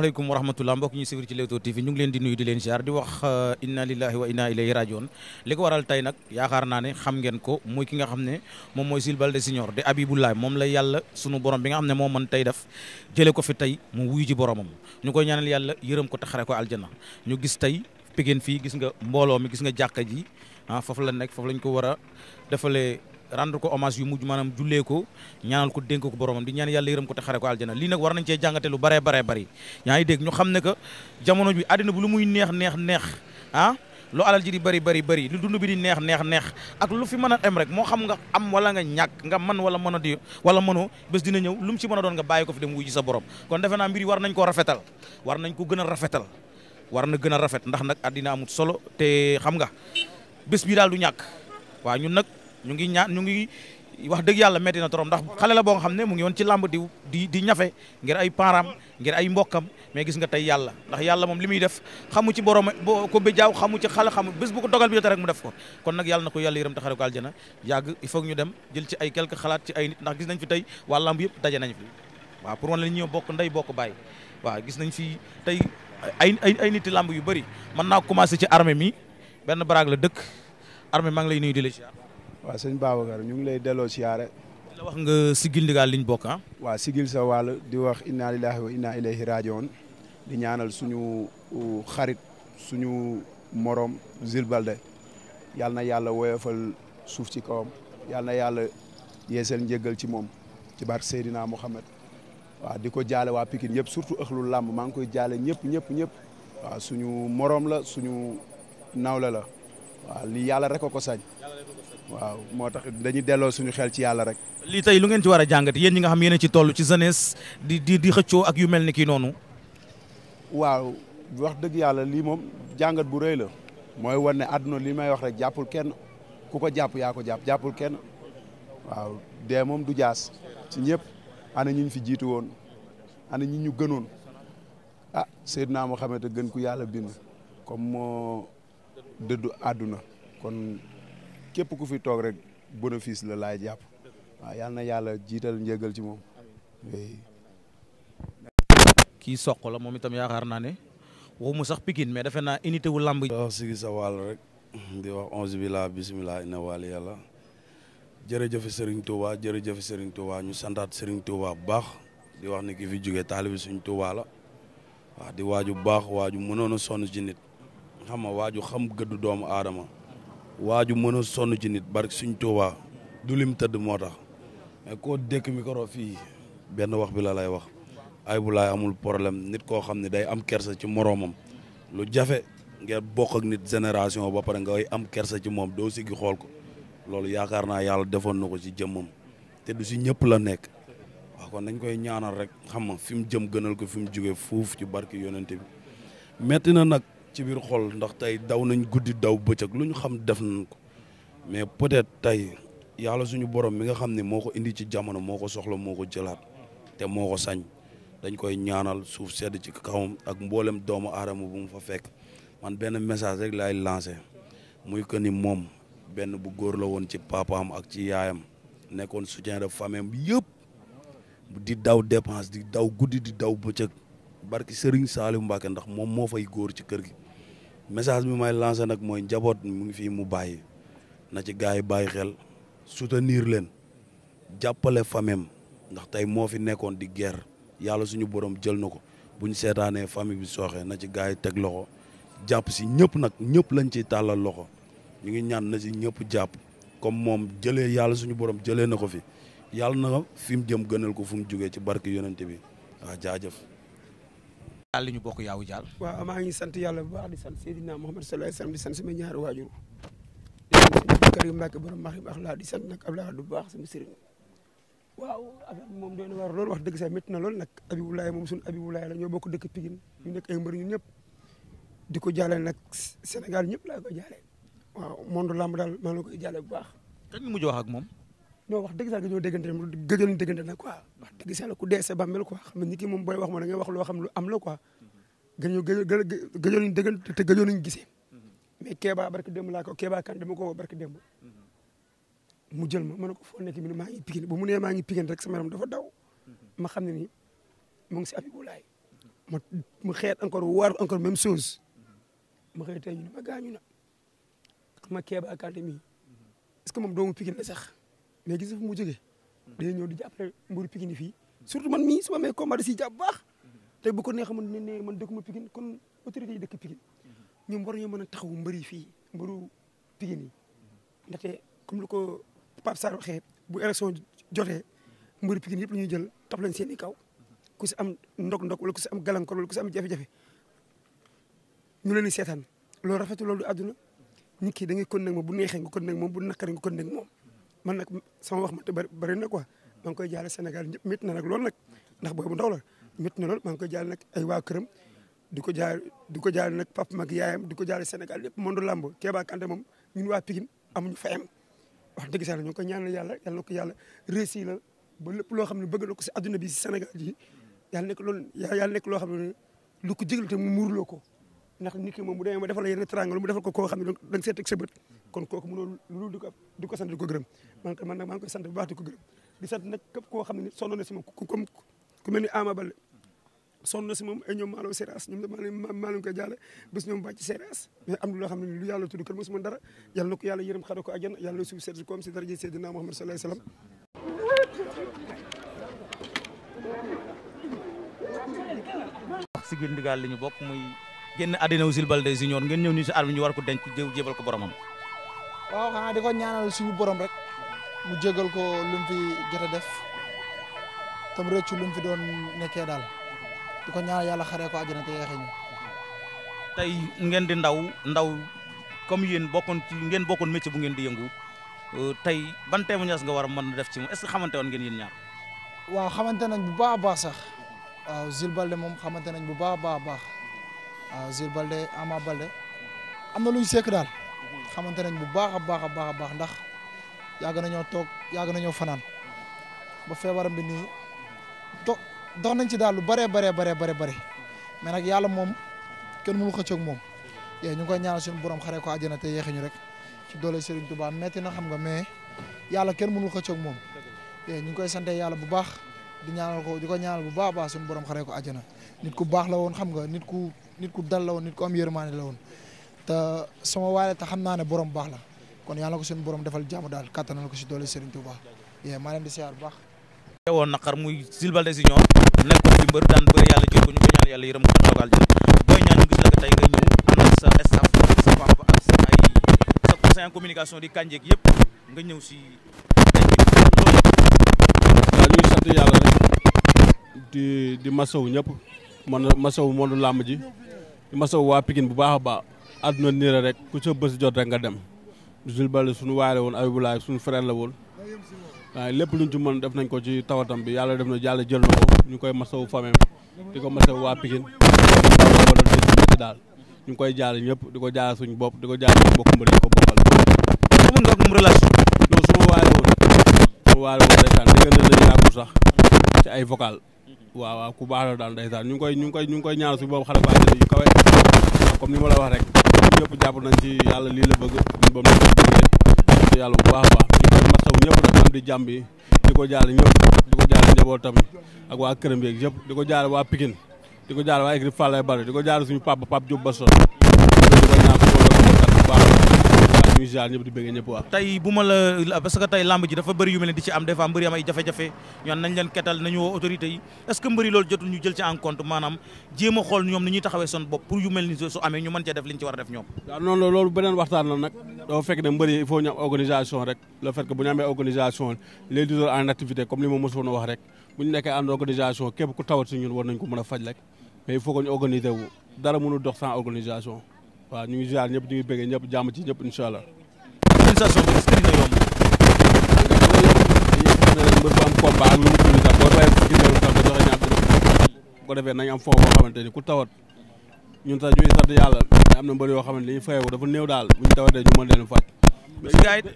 aleykum wa rahmatullah mbokk ñu sifir ci Leewtoo TV ñu ngi leen di nuyu di leen ziar di wax uh, inna lillahi wa inna ilayhi rajiun li ko waral tey nag yaakaar naa ne xam ngeen ko muy ki nga xam ne moom mooy Jules Baldé Senior di Abiboulaye moom la yàlla sunu borom bi nga xam ne moo mën tey def jële ko fi tey mu wuyu ji boromam ñu koy ñaanal yàlla yërëm ko taxare ko aljana ñu gis tey Pikine fii gis nga mbooloo gis nga jàkka ji ah la nekk foofu lañ ko war a rendre ko hommage yu mujj maanaam jullee ko ñaanal ko dénk ko boromam di ñaan yàlla yërëm ko te xare ko aljana lii nag war nañ cee jàngate lu baree baree bari yaa ngi ñu xam ne que jamono bi àddina bu lu muy neex neex neex ah lu alal ji di bëri bëri bëri lu dund bi di neex neex neex ak lu fi mën a em rek moo xam nga am wala nga ñàkk nga man wala mën a di wala mënoo bés dina ñëw lu mu ci mën a doon nga bàyyi ko fi dem wuy ji sa borom kon defe naa mbir war nañ koo rafetal war nañ ko gën a rafetal war na gën a rafet ndax nag àddina amut solo te xam nga bés bi daal du ñàkk ñu ngi ñaan ñu ngi wax dëgg yàlla metti na trop ndax xale la boo nga xam ne mu ngi woon ci làmb di di di ñafe ngir ay param ngir ay mbokkam mais gis nga tey yàlla ndax yàlla moom li muy def xamu ci borom ko bi jaaw xamu ci xale xamu bés bu ko dogal bi jotee mu def ko kon nag yàlla na ko yàlla yërëm te xare ko aljana il faut ñu dem jël ci ay quelques xalaat ci ay nit ndax gis nañ fi tey waa làmb yëpp daje nañ fi waaw pour wan la ñëw bokk ndey bokk baay waaw gis nañ fi tey ay ay ay niti làmb yu bëri mën naa commencé ci armée mi benn baraag la dëkk armée maa lay nuyu di la waaw sëñ Babacar ñu ngi lay delloo siyaare la nga sigil ndigal liñ bokk waa ah? waaw sigil sa wàll di wax inna lillahi wa inna ilayhi rajiun di ñaanal suñu xarit suñu morom Jules Baldé na yàlla woyofal suuf ci kawam yal na yàlla yeesal njéggal ci moom ci barke Seydina Mohamed waaw di ko jaale waa pikin ñëpp surtout ëxlu làmb maa ngi koy jaale ñëpp ñëpp ñëpp waaw suñu morom la suñu nawle la waaw lii yàlla rek a ko sañ waaw moo tax dañuy delloo suñu xel ci yàlla rek. lii tey lu ngeen ci war a jàngat yéen ñi nga xam yéen ci toll ci jeunesse di di di xëccoo ak yu mel ni kii noonu. waaw wax dëgg yàlla lii moom jàngat bu rëy la mooy wan ne àdduna lii may wax rek jàppul kenn ku ko jàpp yaa ko jàpp jàppul kenn waaw dee moom du jaas ci ñëpp ana ñi ñu fi jiitu woon ana ñi ñu gënoon ah Seydina Muhammad gën ku yàlla bind comme moo dëddu àdduna kon. képp ku fi toog rek bénéfice la laay jàpp waaw yal na yàlla jiital njëgal ci moom. kii soq la moom itam yaakaar naa ne waxuma sax Pikine mais defe naa unité wu lamb. di wax sigi sa wàll rek di wax onze yàlla jërëjëf Serigne Touba jërëjëf Serigne Touba ñu santaat Serigne Touba bu baax di wax ne ki fi jógee taalibi suñ Touba la waaw di waaju baax waaju mënoon sonn jinit xam a waaju xam gëddu doomu aadama. waaju mën a sonn ci nit bark suñ Tuubaa du lim tëdd moo tax mais koo dékk micro fii benn wax bi la lay wax Ayibou Laye amul problème nit koo xam ne day am kersa ci moroomam lu jafe ngeen bokk nit génération ba pare ngay am kersa ci moom doo siggi xool ko loolu yaakaar naa yàlla defoon na ko ci jëmmam te du si ñëpp la nekk waaw kon dañ koy ñaanal rek xam nga fi mu jëm gënal ko fi mu jógee fuuf ci barke yonente bi metti na nag ci biir xol ndax tey daw nañ guddi daw bëccëg lu ñu xam def nañ ko mais peut-être tey yàlla suñu borom mi nga xam ne moo ko indi ci jamono moo ko soxla moo ko jëlaat te moo ko sañ dañ koy ñaanal suuf sedd ci kawam ak mboolem doomu aadama bu mu fa fekk man benn message rek laay lancé muy que ni moom benn bu góor la woon ci papaam ak ci yaayam nekkoon soutien de famille yëpp di daw dépense di daw guddi di daw bëccëg barki Serigne Saliou Mbacke ndax moom moo fay góor ci kër gi message bi may lancer nag mooy njaboot mu ngi fii mu bàyyi na ci gars yi bàyyi xel soutenir leen jàppale famem ndax tey moo fi nekkoon di guerre yàlla suñu borom jël na ko bu ñu seetaanee famille bi sooxee na ci gars yi teg loxo jàpp si ñëpp nag ñëpp lañ ciy tàllal loxo ñu ngi ñaan na si ñëpp jàpp comme moom jëlee yàlla suñu borom jëlee na ko fi yàlla na fi mu jëm gënal ko fu mu jugee ci barke yonente bi waaw jaajëf. daal ñu bokk yaawu jaal waaw maa ngi sant yàlla bu baax di sant Seydina Muhammad sallallahu alayhi wasallam di sant sama ñaari waajur di sant suñu kër yi Mbàkke borom maxi baax laa di sant nag Abdoulaye baax sama waaw affaire bi moom doy na war wax dëgg sax métti na loolu nag Abibulaay moom suñu Abibulaay la ñoo bokk dëkk Pikine ñu nekk ay mbër ñun ñëpp di ko jaale nag Sénégal ñëpp laa koy jaale waaw monde lamb daal maa ngi koy jaale bu baax kañ mujj wax ak moom non wax dëgg sax ñoo déggante gëjël déggante nag quoi wax dëgg sax la ku dee sa bàmmeel quoi xam ne nit yi moom booy wax ma da ngay wax loo xam lu am la quoi gëjoo gëjoo nañ laa ko Kéba kan dama ko woo barki démb mu jël ma ma ne ko foo nekk mi ne maa ngi Pikine bu mu maa ngi Pikine rek sama yaram dafa daw ma xam ne ni mu ngi si Abibulaay ma mu xeet encore waar encore même chose ma tey ñu ne ma na mi est que moom doomu Pikine sax mais gis nga fu mu jógee day ñëw di jàppale mburu Pikine fii surtout man nii su ma amee combat da si jàpp baax te bu ko neexee man ne ne man dëkkuma Pikine kon autorité yi dëkk Pikine ñoom war nañoo mën a taxawu mbëri fii mbëru Pikine yi ndaxte comme lu ko Pape Sarr waxee bu élection jotee mbëru Pikine yëpp la ñuy jël taf lañ seen i kaw ku si am ndog-ndog wala ku si am gàllankoor wala am jafe ñu leen di seetaan loolu rafetul loolu àdduna nit bu neexee nga kon nag moom bu naqaree nga kon nag moom man nag sama wax mënta bëri na quoi maa ngi koy jaale Sénégal ñëpp métti na nag lool nag ndax booy bu ndaw la métti na lool maa ngi koy jaale nag ay waa këram di ko jaal di ko jaal nag papa mag yaayam di ko jaale Sénégal yëpp monde lamb Kéba Kanté moom ñun waa Pikine amuñu fayam wax dëgg sax ñu ko ñaanal yàlla yàlla na ko yàlla réussi la ba loo xam ne bëgg na ko si adduna bi si Sénégal ji yàlla nekk loolu yàlla nekk loo xam ne lu ko jégal te mu muurloo ko ndax nit ki moom bu demee ma defal la yenn triangle mu defal ko koo xam ne danga seet ak sa bët kon kooku mënoo loolu di ko di ko sant di ko gërëm man koy sant bu baax di ko gërëm di sant nag képp koo xam ne sonn na si moom comme ku mel ni Ama Baldé sonn na si moom ay ñoom maalo séras ñoom maa maa leen koy jaale bés xam ne lu yàlla tudd kër dara yàlla na ko yàlla yërëm xare ko àjjana yàlla na suuf seet koom si daraja Seydina Muhammad sallallahu alayhi wa si biir ndigal li ñu bokk muy génn àddina Jules Baldé Junior ngeen ñëw ñu si ko denc jébal waaw xanaa di ko ñaanal suñu borom rek mu jégal ko lu mu fi a def tam rëccu lu mu fi doon nekkee daal di ko ñaanal yàlla xaree ko àjjana te yeexe tey ngeen di ndaw ndaw comme yéen bokkoon ci ngeen bokkoon métier bu ngeen di yëngu euh, tey ban témoignage nga war a mën def ci moom est xamante woon ngeen yéen ñaar waaw xamante nañ bu baax a baax sax waaw Zil Balde moom xamante nañ bu baax a baax a baax waaw Zil Balde Ama Balde am na lu ñu sekk daal xamante nañ bu baax a baax a baax a baax ndax yàgg nañoo toog yàgg nañoo fanaan ba feebaram bi nii to dox nañ ci daal lu bëree bare bëree bëri bëri mais nag yàlla moom kenn mënu xëccoog moom yee ñu ngi koy ñaanal suñu borom xaree ko àjjana te yeexe ñu rek ci doole Serigne Touba metti na xam nga yàlla kenn mënu xëccoog moom yee ñu ngi koy sante yàlla bu baax di ñaanal ko di ko ñaanal bu baax baax suñu borom xaree ko àjjana nit ku baax la woon xam nga nit ku nit ku dal la woon nit ku am yërmaane la woon te sama waale te xam naa ne borom baax la kon yàlla na ko seen borom defal jàmm daal kattanal ko si doole Serigne Touba yee maa leen di siyaar bu baax. woon naqar muy Jules Baldé Junior nekk ci mbër daan bëri yàlla jël ko ñu koy ñaan yàlla yërëm ko toogal jël booy ñaan ñu gis la sa staff sa papa ak communication di kànjeeg yëpp nga ñëw si. waaw ñuy sant yàlla rek di di masawu ñëpp man làmb ji di masawu waa Pikine bu baax a baax. àdduna nii la rek ku sa bés jot rek nga dem Jules Baldé suñu waay la woon Abibulaay suñu frère la woon waaye lépp luñ ci mën def nañ ko ci tawatam bi yàlla def na yàlla jël na ko ñu koy masawu fameem di ko masawu waa Pikine daal ñu ngi koy jaale ñëpp di ko jaale suñu bopp di ko jaale suñu mbokk mbëri ko bokkal amun nga ak moom relation non suma waay la woon suma waay la woon ndeysaan déggante nañ yàggul sax ci ay vocal waaw waaw ku baax la daal ndeysaan ñu ngi koy ñu ngi koy ñu ngi koy ñaan suñu boobu xale baa yu kawe comme ni ma la wax rek ñëpp jàpp nañ ci yàlla lii la bëgg ba mu yàlla bu baax a masaw ñëpp nag am di jàmm bi di ko jaale ñëpp di ko jaale njabootam ak waa këram yeeg yëpp di ko jaale waa Pikine di ko jaale waa équipe Fallay Bari di ko jaale suñu papa Pape Diop Basson ñu ziar parce que tey lamb dafa bëri yu mel di ci am des fois mbëri am ay jafe-jafe ñoon nañ leen ketal nañu autorité yi est-ce que mbëri loolu jotul ñu jël ci en compte maanaam jéem xool ñoom ni ñuy taxawee seen bopp pour yu mel ni su amee ñu mën cee def liñ ci war a def ñoom waaw noonu loolu beneen waxtaan la nag dafa fekk ne mbëri il faut ñu organisation rek le fait bu ñu organisation les deux en activité comme li ma waaw ñu ngi ziar ñëpp ñu ngi bëggee ñëpp jàmm ci ñëpp incha allah. mbër bu am combat ak lu mu tudd sax boo bàyyi ci ñoom defee nañ am foofu boo xamante ku tawat ñun sax ñuy sant yàlla mais am na mbër yoo xamante ni ñu fayewu dafa daal bu ñu tawatee ñu mën leen faj.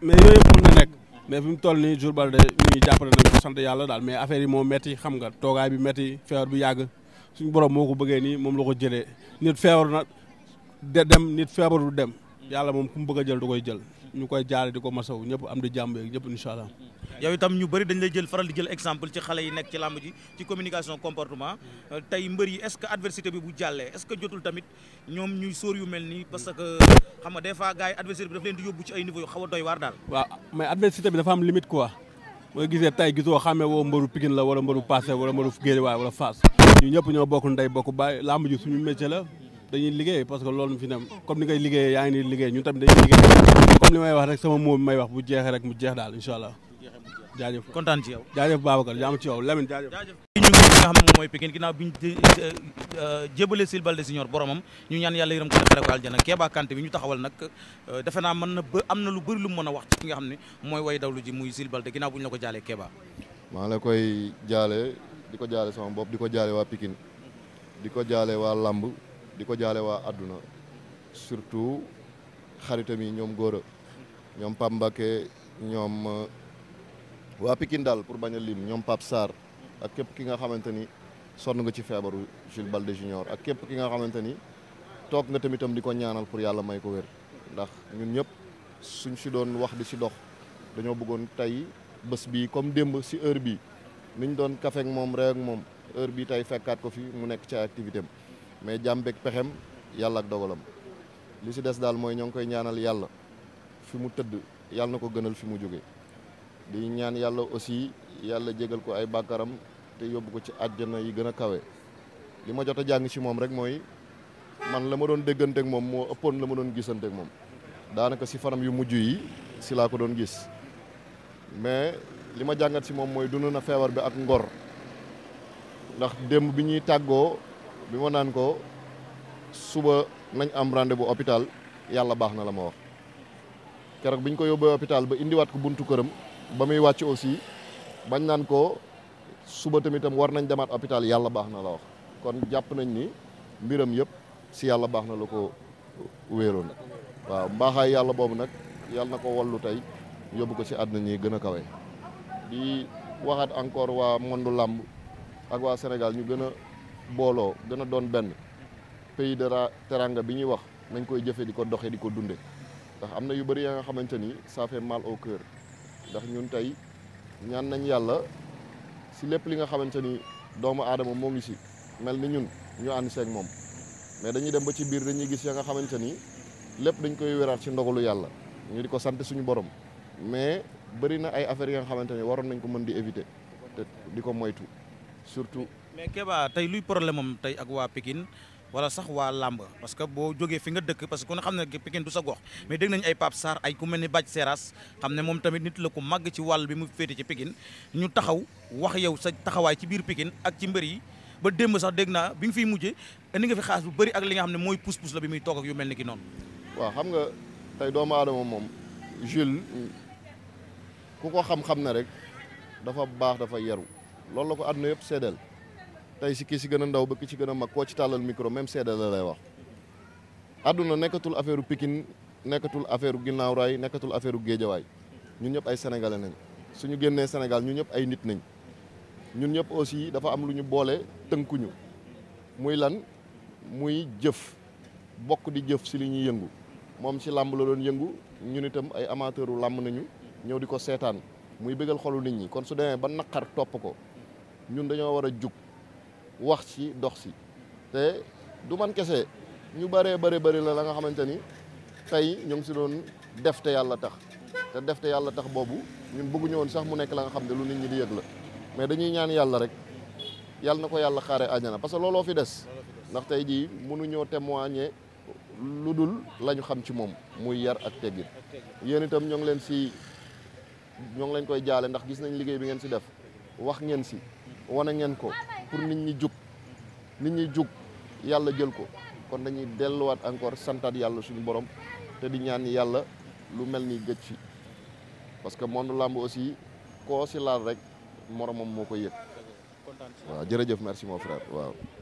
mais yooyu yëpp mën na nekk mais fi mu toll nii jour Baldé ñu ngi jàppale nañ ko sant yàlla daal mais affaire yi moo metti xam nga toogaay bi metti feebar bi yàgg suñu borom moo ko bëggee nii moom la ko jëlee nit feebar na de dem nit feebaru dem yàlla moom ku mu bëgg jël du koy jël ñu koy jaale di ko masaw ñëpp am di jàmm yeeg ñëpp incha allah. yow itam ñu bëri dañ lay jël faral di jël exemple ci xale yi nekk ci làmb ji ci communication comportement euh, tey mbër yi est-ce que adversité bi bu jàllee est-ce que jotul tamit ñoom ñuy sóor yu mel nii parce que xam nga des fois gars adversité bi daf leen di yóbbu ci ay niveau yu xaw a doy waar daal. waaw mais adversité bi dafa am ñoo bokk ndey bokk baay làmb ji dañuy liggéey parce que loolu fi ne comme ni ngay liggéeyee yaa ngi ni liggéey ñun tamit dañuy liggéey comme li may wax rek sama moom may wax bu jeexee rek mu jeex daal incha allah jaajëf kontaan ci ñu mooy Pikine ginnaaw bi ñu euh, euh, jébale Jules Baldé Junior ñu ñaan yàlla yërëm ko xare ko aljana Keba Kanté bi ñu taxawal nag euh, defe naa mën na ba am na lu bëri lu mën a wax ci ki nga xam ne mooy way lu ji muy Jules Baldé ginnaaw bu ñu la ko jaalee Keba maa la koy jaale di ko jaale sama bopp di ko jaale wa Pikine ko jaale waa di ko jaale waa àdduna surtout xaritam yi ñoom góor ñoom Pape Mbacké ñoom uh, waa pikin daal pour bañ a lim ñoom Pape Sarr ak képp ki nga xamante ni sonn nga ci feebaru Jules Balde Junior ak képp ki nga xamante ni toog nga tamitam di ko ñaanal pour yàlla may ko wér ndax ñun ñëpp suñ si doon wax di si dox dañoo bëggoon tey bés bii comme démb si heure bii niñ doon kafeek moom reek moom heure bii tey fekkaat ko fi mu nekk ci activité am mais jàmm beeg pexem yàlla ak dogalam li si des daal mooy ñoo ngi koy ñaanal yàlla fi mu tëdd yàlla na ko gënal fi mu jóge di ñaan yàlla aussi yàlla jégal ko ay bàkkaram te yóbbu ko ci àjjana yi gën a kawe li ma jot a jàng si moom rek mooy man la ma doon dégganteek moom moo ëppoon la ma doon gisanteeg moom daanaka si fanam yu mujj yi si laa ko doon gis mais li ma jàngat si moom mooy dund na feebar bi ak ngor ndax démb bi ñuy tàggoo bi ma naan ko suba nañ am bu vous yàlla baax na la ma wax keroog biñ ko yóbbee hôpital ba indiwaat ko buntu këram ba muy wàcc aussi bañ naan ko suba tamit tam war nañ demaat hôpital yàlla baax na la wax kon jàpp nañ ni mbiram yëpp si yàlla baax na la ko wéeroon waaw mbaaxaay yàlla boobu nag yàlla na ko wallu tey yóbbu ko si àdduna ñi gën a kawe di waxaat encore waa mondu làmb ak waa Sénégal ñu gën booloo gën a doon benn pays dara la bi ñuy wax nañ koy jëfee di ko doxee di ko dunde ndax am na yu bëri ya nga xamante ni ça fait mal au cœur ndax ñun tey ñaan nañ yàlla si lépp li nga xamante ni doomu aadama moo ngi si mel ni ñun ñu ànd seeg moom mais dañuy dem ba ci biir dañuy gis ya nga xamante ni lépp dañ koy wéraat si ndogalu yàlla ñu di ko sant suñu borom mais bari na ay affaires yi nga xamante ni waroon nañ ko mën di éviter te di ko moytu surtout. mais Kéba tey luy problème am tey ak waa Pikine wala sax waa làmb parce que boo jógee fi nga dëkk parce que ku ne xam ne Pikine du sa gox mais dégg nañu ay Pape Sarr ay ku mel ni Bathie Seras xam ne moom tamit nit la ko màgg ci wàll bi mu féete ci Pikine ñu taxaw wax yow sa taxawaay ci biir pikin ak ci mbër yi ba démb sax dégg naa bi nga fiy mujjee indi nga fi xaas bu bëri ak li nga xam ne mooy pousse-pousse la bi muy toog yu mel ni ki noonu. waaw xam nga tey doomu aadama moom Jules ku xam-xam ne rek dafa baax dafa yaru loolu la ko àdduna yëpp seedeel tey si kii si gën a ndaw ba ki si gën a mag koo ci tàllal micro même seedeel la lay wax àdduna nekkatul affaire u Pikine nekkatul affaire u ginnaaw raay nekkatul affaire u géejawaay ñun ñëpp ay sénégalais nañ suñu génnee senegal ñun ñëpp ay nit nañ ñun ñëpp aussi dafa am lu ñu boole tënkuñu muy lan muy jëf bokk di jëf si li ñuy yëngu moom si làmb la doon yëngu ñun itam ay amateuru làmb nañu ñëw di ko seetaan muy bëggal xolu nit ñi kon su demee ba naqar topp ko ñun dañoo war a jug wax ci dox si te du man kese ñu bëree bëri bëri la la nga xamante ni tey ñu ngi si doon def te yàlla tax te def te yàlla tax boobu ñun bëgguñu woon sax mu nekk la nga xam ne lu nit ñi di yëg la mais dañuy ñaan yàlla rek yàlla na ko yàlla xaare àjjana parce que looloo fi des ndax tey jii mënuñoo témoigner lu dul lañu xam ci moom muy yar ak teggin yéen itam ñoo leen si ñoom ngi leen koy jaale ndax gis nañ liggéey bi ngeen si def wax ngeen si wane ngeen ko pour nit ñi jug nit ñi jug yàlla jël ko kon dañuy delluwaat encore santaat yàlla suñu borom te di ñaan yàlla lu mel ni gëj fi parce que monde làmb aussi koo si laal rek moromam moo ko yëg waaw jërëjëf merci moo frère waaw